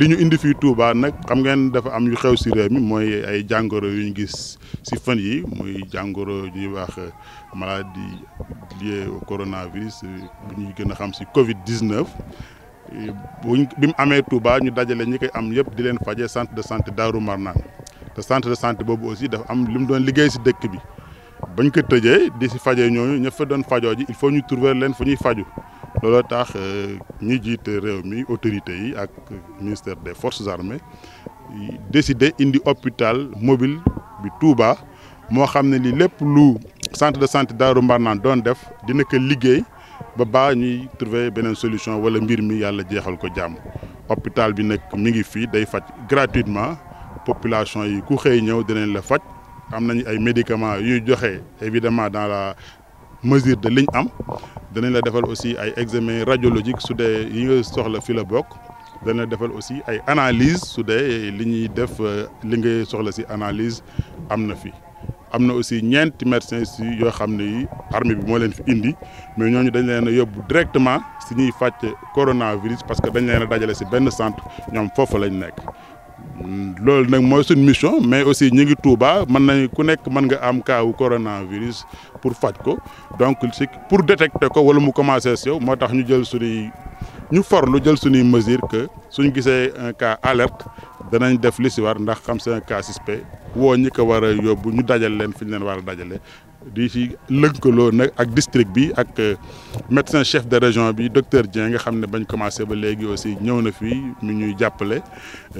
li ñu indi fi Touba nag xam ngeen dafa am yu xew si réew mi mooy ay jàngoro yu ñu gis si fan yi muy jàngoro ñuy wax maladie liée au coronavirus bu ñuy gën a xam si Covid 19. buñ bi mu amee Touba ñu dajale ñi koy am yëpp di leen faje centre de santé Daaru Marnaan te centre de santé boobu aussi dafa am lu mu doon liggéey si dëkk bi bañ ko tëjee di si fajee ñooñu ña fa doon fajoo ji il faut ñu trouver leen fu ñuy faju looloo tax euh, ñi jiite réew mi autorité yi ak ministère des forces armées décidé indi hôpital mobile bi Touba moo xam ne li lépp lu centre de santé Daaru Mbarnaan doon def dina ko liggéey ba baax ñuy trouver beneen solution wala mbir mi yàlla jeexal ko jàmm hôpital bi nag mi ngi fii day faj gratuitement population yi ku xëy ñëw dinañ la faj am nañu ay médicaments yuy joxe évidemment dans la mesure de liñ am danañ la defal aussi ay examen radiologique su dee yi nga soxla fi la bokk danañ la defal aussi ay analyse su dee li ñuy def euh, li nga soxla si analyse am na fi am na aussi ñeenti médecins si yoo xam ne yi armée bi moo leen fi indi mais ñooñu dañ leen a yóbbu directement si ñuy fàcc coronavirus parce que dañ leen a dajale si benn centre ñoom foofu lañ nekk loolu nag mooy suñ mission mais aussi ñu ngi Touba mën na ku nekk mën nga am kaawu coronavirus pour faj ko donc si pour détecter ko wala mu commencé si moo tax ñu jël suñuy ñu for lu jël suñuy mesure que suñ gisee un cas alerte danañ def li si war ndax xam seen cas suspect woo ñi ko war yóbbu ñu dajal leen fi ñu leen war a dajale di si lëkkaloo nag ak district bi ak euh, médecin chef de région bi docteur Dieng nga xam ne bañ commencé ba léegi aussi ñëw na fii mu ñuy jàppale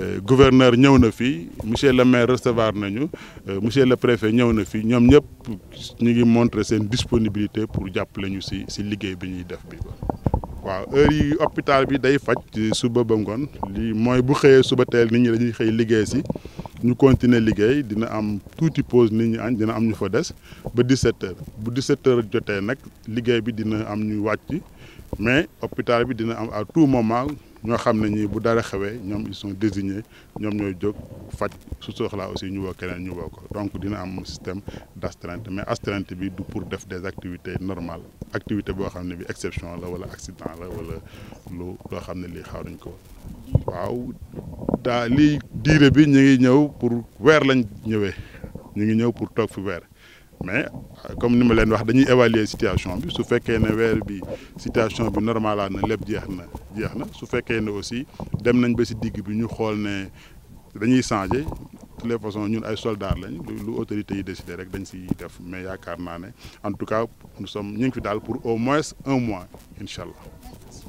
euh, gouverneur ñëw na fii monsieur le maire recevoir nañu euh, monsieur le préfet ñëw na fii ñoom ñëpp ñu ngi montrer seen disponibilité pour jàppale ñu si si liggéey bi ñuy def bi waaw heure yi hôpital bi day faj suba ba ngoon lii mooy bu xëyee suba teel nit ñi dañuy xëy liggéey si ñu continuer liggéey dina am tuuti pause nit ñi añ dina am ñu fa des ba di heures bu di heures jotee nag liggéey bi dina am ñu wàcc mais hôpital bi dina am à tout moment ñoo xam ne ñii bu dara xewee ñoom ils sont désignés ñoom ñooy jóg faj su soxla aussi ñu woo keneen ñu woo ko donc dina am système d' astreinte mais astreinte bi du pour def des activités normales activité boo xam ne bi exception la wala accident la wala lu loo xam ne lii xaw nañ ko waaw daa lii diire bi ñu ngi ñëw pour weer lañ ñëwee ñu ngi ñëw pour toog fi weer mais euh, comme ni ma leen wax dañuy évaluer situation bi su fekkee ne weer bi situation bi normalaat na lépp jeex na jeex na su fekkee ne aussi dem nañ ba si digg bi ñu xool ne dañuy changer de les façons ñun ay soldats lañ lu autorités yi décidé rek dañ siy def mais yaakaar naa ne en tout cas nous sommes ñu ngi fi daal pour au moins un mois incha allah.